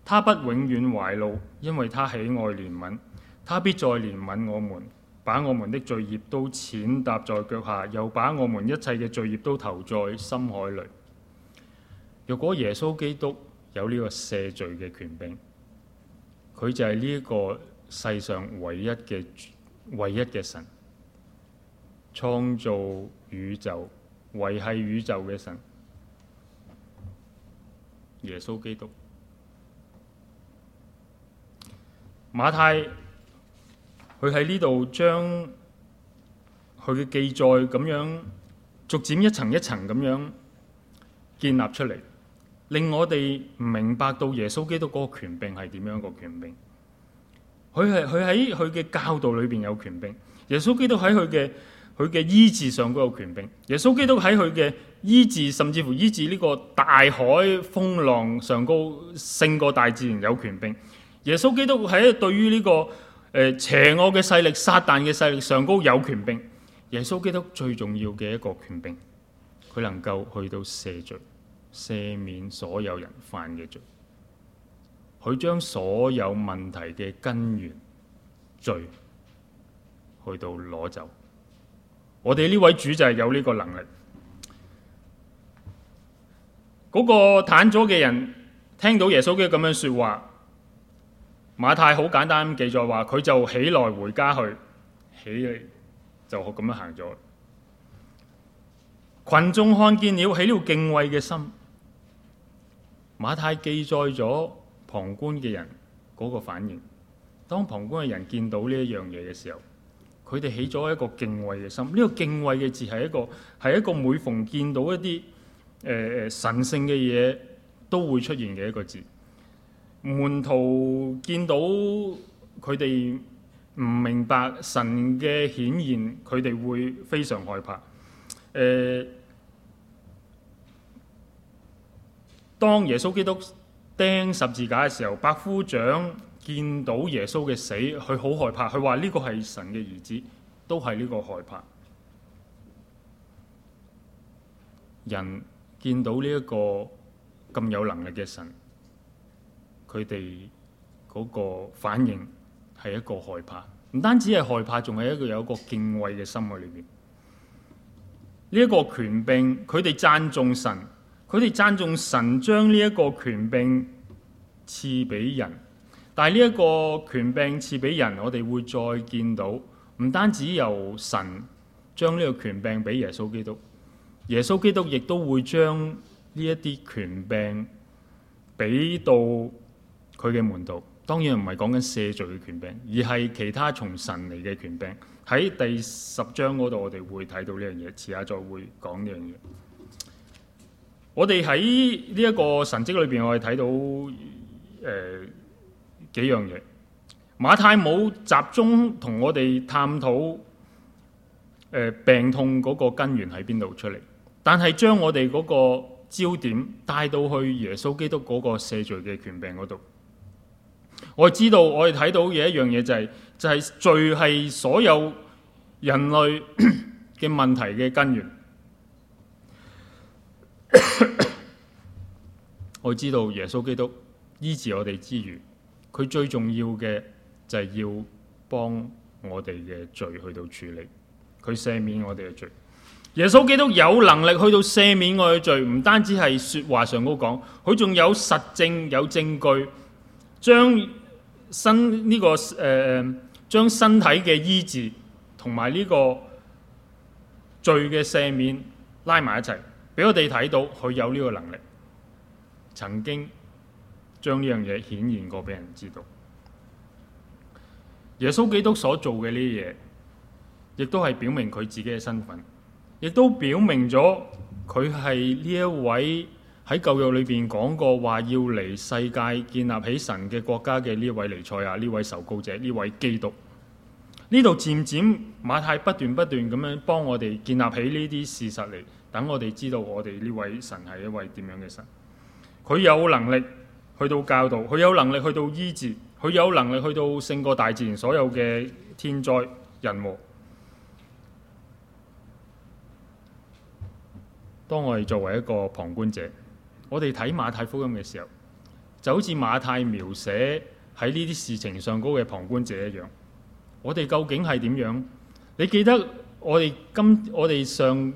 他不永遠懷怒，因為他喜愛憐憫。他必再憐憫我們，把我們的罪孽都踐踏在腳下，又把我們一切嘅罪孽都投在深海裏。若果耶穌基督有呢個赦罪嘅權柄，佢就係呢個世上唯一嘅、唯一嘅神，創造宇宙、維繫宇宙嘅神——耶穌基督。馬太。佢喺呢度將佢嘅記載咁樣逐漸一層一層咁樣建立出嚟，令我哋明白到耶穌基督嗰個權柄係點樣一個權柄。佢係佢喺佢嘅教導裏邊有權柄，耶穌基督喺佢嘅佢嘅醫治上都有權柄，耶穌基督喺佢嘅醫治，甚至乎醫治呢個大海風浪上高勝過大自然有權柄。耶穌基督喺對於呢、呢個。呃、邪惡嘅勢力、撒旦嘅勢力上高有權柄，耶穌基督最重要嘅一個權柄，佢能夠去到赦罪、赦免所有人犯嘅罪，佢將所有問題嘅根源罪去到攞走。我哋呢位主就係有呢個能力。嗰、嗰個癱咗嘅人聽到耶穌基督咁樣說話。馬太好簡單記載話，佢就起來回家去，起就咁樣行咗。群眾看見了，起了敬畏嘅心。馬太記載咗旁觀嘅人嗰個反應。當旁觀嘅人見到呢一樣嘢嘅時候，佢哋起咗一個敬畏嘅心。呢個敬畏嘅字係一個，係一個每逢見到一啲誒、誒神聖嘅嘢都會出現嘅一個字。門徒見到佢哋唔明白神嘅顯現，佢哋會非常害怕。誒、呃，當耶穌基督釘十字架嘅時候，百夫長見到耶穌嘅死，佢好害怕。佢話：呢個係神嘅兒子，都係呢個害怕。人見到呢一個咁有能力嘅神。佢哋嗰個反應係一個害怕，唔單止係害怕，仲係一個有一個敬畏嘅心態裏邊。呢、這、一個權柄，佢哋讚頌神，佢哋讚頌神將呢一個權柄賜俾人。但係呢一個權柄賜俾人，我哋會再見到，唔單止由神將呢個權柄俾耶穌基督，耶穌基督亦都會將呢一啲權柄俾到。佢嘅門道當然唔係講緊赦罪嘅權柄，而係其他從神嚟嘅權柄。喺第十章嗰度，我哋會睇到呢樣嘢，遲下再會講呢樣嘢。我哋喺呢一個神蹟裏邊，我哋睇到誒幾樣嘢。馬太冇集中同我哋探討誒、呃、病痛嗰個根源喺邊度出嚟，但係將我哋嗰個焦點帶到去耶穌基督嗰個赦罪嘅權柄嗰度。我知道，我哋睇到嘅一樣嘢就係，就係罪係所有人類嘅問題嘅根源。 我知道耶穌基督醫治我哋之餘，佢最重要嘅就係要幫我哋嘅罪去到處理，佢赦免我哋嘅罪。耶穌基督有能力去到赦免我嘅罪，唔單止係說話上高講，佢仲有實證有證據。將身呢、這個誒將、呃、身體嘅醫治同埋呢個罪嘅赦免拉埋一齊，俾我哋睇到佢有呢個能力，曾經將呢樣嘢顯現過俾人知道。耶穌基督所做嘅呢啲嘢，亦都係表明佢自己嘅身份，亦都表明咗佢係呢一位。喺舊約裏邊講過，話要嚟，世界建立起神嘅國家嘅呢位彌賽亞，呢位受膏者，呢位基督。呢度漸漸馬太不斷不斷咁樣幫我哋建立起呢啲事實嚟，等我哋知道我哋呢位神係一位點樣嘅神。佢有能力去到教導，佢有能力去到醫治，佢有能力去到勝過大自然所有嘅天災人禍。當我哋作為一個旁觀者，我哋睇馬太福音嘅時候，就好似馬太描寫喺呢啲事情上嗰個旁觀者一樣。我哋究竟係點樣？你記得我哋今我哋上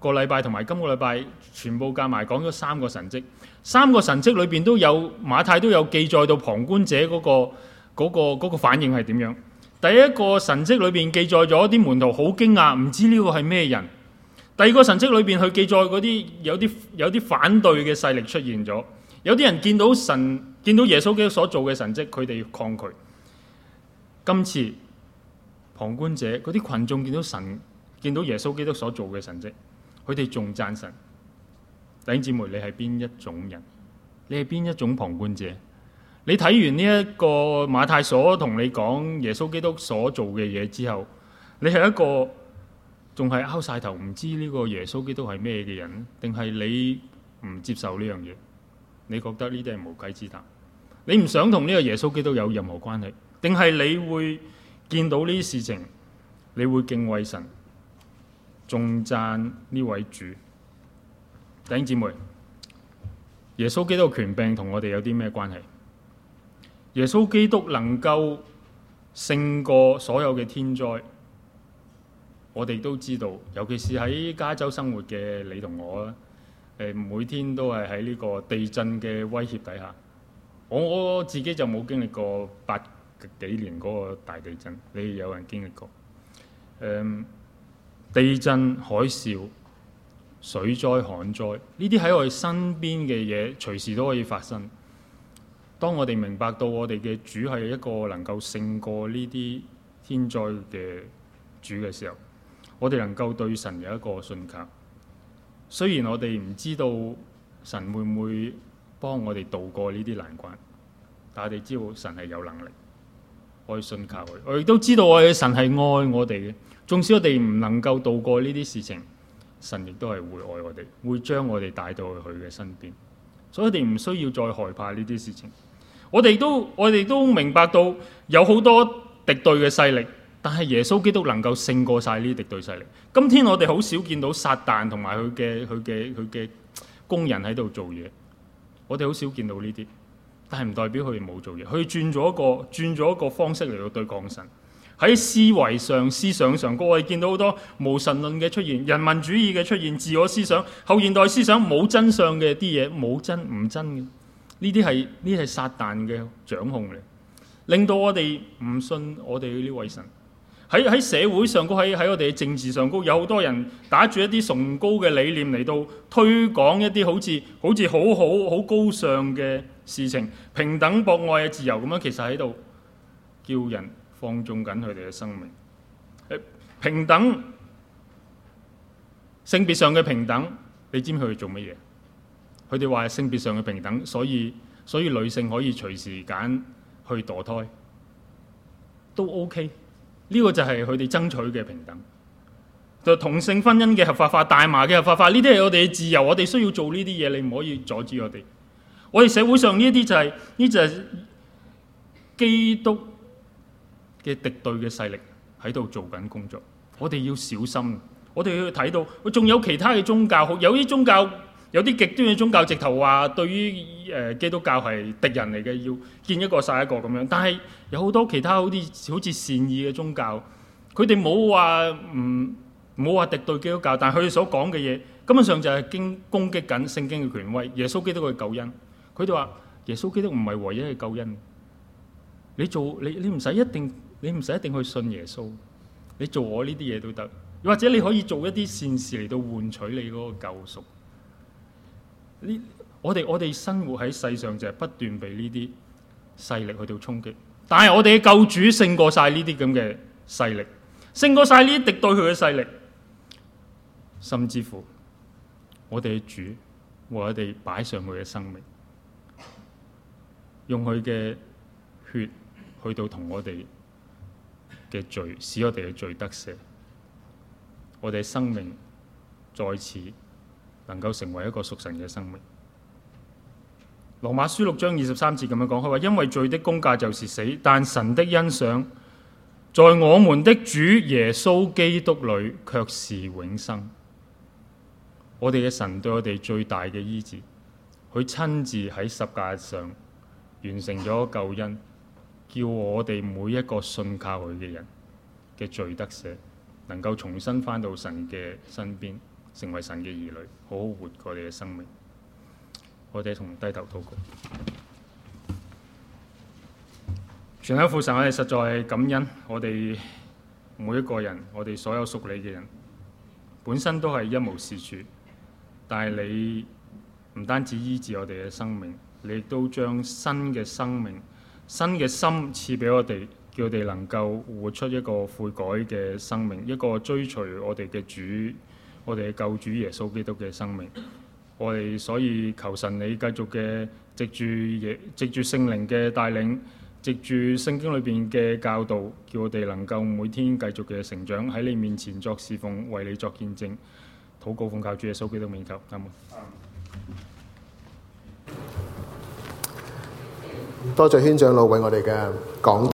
個禮拜同埋今個禮拜全部夾埋講咗三個神蹟，三個神蹟裏邊都有馬太都有記載到旁觀者嗰個嗰個嗰個反應係點樣？第一個神蹟裏邊記載咗啲門徒好驚訝，唔知呢個係咩人。第二個神蹟裏邊，佢記載嗰啲有啲有啲反對嘅勢力出現咗，有啲人見到神見到耶穌基督所做嘅神蹟，佢哋抗拒。今次旁觀者嗰啲群眾見到神見到耶穌基督所做嘅神蹟，佢哋仲讚神。弟兄姊妹，你係邊一種人？你係邊一種旁觀者？你睇完呢一個馬太所同你講耶穌基督所做嘅嘢之後，你係一個？仲係拗晒頭，唔知呢個耶穌基督係咩嘅人？定係你唔接受呢樣嘢？你覺得呢啲係無稽之談？你唔想同呢個耶穌基督有任何關係？定係你會見到呢啲事情，你會敬畏神，仲讚呢位主？弟兄姊妹，耶穌基督權柄同我哋有啲咩關係？耶穌基督能夠勝過所有嘅天災。我哋都知道，尤其是喺加州生活嘅你同我啦，誒，每天都係喺呢個地震嘅威脅底下。我我自己就冇經歷過八幾年嗰個大地震，你有人經歷過？誒、嗯，地震、海嘯、水災、旱災呢啲喺我哋身邊嘅嘢，隨時都可以發生。當我哋明白到我哋嘅主係一個能夠勝過呢啲天災嘅主嘅時候，我哋能夠對神有一個信靠，雖然我哋唔知道神會唔會幫我哋渡過呢啲難關，但我哋知道神係有能力，可以信靠佢。我亦都知道，我哋神係愛我哋嘅，縱使我哋唔能夠渡過呢啲事情，神亦都係會愛我哋，會將我哋帶到去佢嘅身邊。所以，我哋唔需要再害怕呢啲事情。我哋都，我哋都明白到有好多敵對嘅勢力。但係耶穌基督能夠勝過晒呢啲敵對勢力。今天我哋好少見到撒旦同埋佢嘅佢嘅佢嘅工人喺度做嘢，我哋好少見到呢啲。但係唔代表佢哋冇做嘢，佢轉咗一個轉咗一個方式嚟到對抗神。喺思維上思想上，各位見到好多無神論嘅出現、人民主義嘅出現、自我思想、後現代思想冇真相嘅啲嘢冇真唔真嘅。呢啲係呢係撒旦嘅掌控嚟，令到我哋唔信我哋呢位神。喺喺社會上高，喺喺我哋嘅政治上高，有好多人打住一啲崇高嘅理念嚟到推廣一啲好似好似好好好高尚嘅事情，平等、博愛啊、自由咁樣，其實喺度叫人放縱緊佢哋嘅生命。平等，性別上嘅平等，你知唔知佢哋做乜嘢？佢哋話係性別上嘅平等，所以所以女性可以隨時揀去墮胎都 OK。呢個就係佢哋爭取嘅平等，就同性婚姻嘅合法化、大麻嘅合法化，呢啲係我哋嘅自由，我哋需要做呢啲嘢，你唔可以阻止我哋。我哋社會上呢啲就係、是、呢就係基督嘅敵對嘅勢力喺度做緊工作，我哋要小心，我哋要睇到，我仲有其他嘅宗教，有啲宗教。有啲極端嘅宗教直頭話，對於誒基督教係敵人嚟嘅，要見一個殺一個咁樣。但係有好多其他好似好似善意嘅宗教，佢哋冇話唔冇話敵對基督教，但係佢哋所講嘅嘢根本上就係經攻擊緊聖經嘅權威。耶穌基督嘅救恩，佢哋話耶穌基督唔係唯一嘅救恩。你做你你唔使一定你唔使一定去信耶穌，你做我呢啲嘢都得，或者你可以做一啲善事嚟到換取你嗰個救贖。呢，我哋我哋生活喺世上就係不斷被呢啲勢力去到沖擊，但係我哋嘅救主勝過晒呢啲咁嘅勢力，勝過晒呢啲敵對佢嘅勢力，甚至乎我哋嘅主為我哋擺上佢嘅生命，用佢嘅血去到同我哋嘅罪，使我哋嘅罪得赦，我哋嘅生命在此，能夠成為一個屬神嘅生命。羅馬書六章二十三節咁樣講佢話，因為罪的工價就是死，但神的恩賞在我們的主耶穌基督裏卻是永生。我哋嘅神對我哋最大嘅醫治，佢親自喺十架上完成咗救恩，叫我哋每一個信靠佢嘅人嘅罪得赦，能夠重新翻到神嘅身邊。成為神嘅兒女，好好活過你嘅生命。我哋同低頭禱告，全心父神，我哋，實在感恩。我哋每一個人，我哋所有屬你嘅人，本身都係一無是處，但係你唔單止醫治我哋嘅生命，你亦都將新嘅生命、新嘅心賜俾我哋，叫我哋能夠活出一個悔改嘅生命，一個追隨我哋嘅主。我哋嘅救主耶穌基督嘅生命，我哋所以求神你繼續嘅藉住藉藉住聖靈嘅帶領，藉住聖經裏邊嘅教導，叫我哋能夠每天繼續嘅成長喺你面前作侍奉，為你作見證，禱告奉教主耶穌基督名求，Thank you. 多謝禤長老為我哋嘅講。